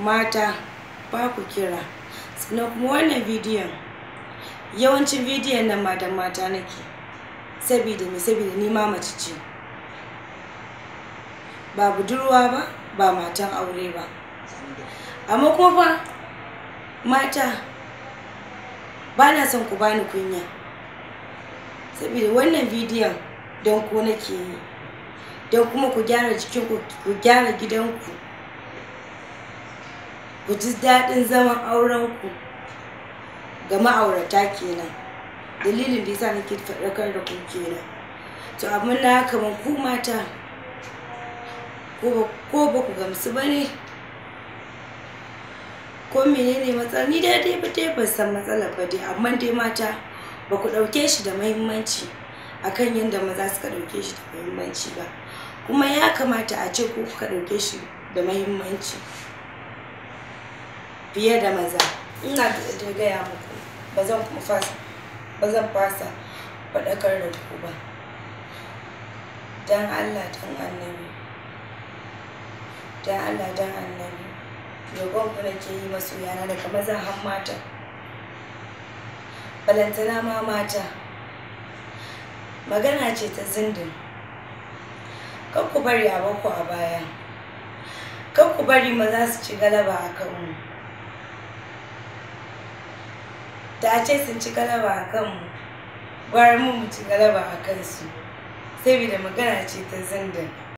mata ba ku kira sannan kuma wannan bidiyon yawancin bidiyon nan mata mata nake saboda mai saboda ni ma mace ce ba budurwa ba ba matan aure ba amma kuma fa mata ba na son ku bani kunya saboda wannan bidiyon don ko nake yi don kuma ku gyara jikinku ku gyara gidanku ku ji daɗin zaman aurenku ga ma'aurata kenan dalilin da yasa nake faɗakar da ku kenan to abin na kamar ku mata ko ba ku gamsu ba ne ko menene matsala ni dai dai dai ban san matsala ba dai amma dai mata ba ku ɗauke shi da muhimmanci akan yadda maza suka ɗauke shi da muhimmanci ba kuma ya kamata a ce ku kuka ɗauke shi da muhimmanci fiye da maza ina da gaya muku ba zan kuma fasa ba zan fasa faɗakar da ku ba dan Allah dan annabi dan Allah dan annabi roƙon ku ke yi masoyana daga mazan har mata balantana ma mata magana ce ta zindin kan ku bari a a baya kan ku bari maza su ci galaba a kanmu da ce sun ci galaba a kanmu gwara mu mu ci galaba a kansu saboda magana ce ta zanda.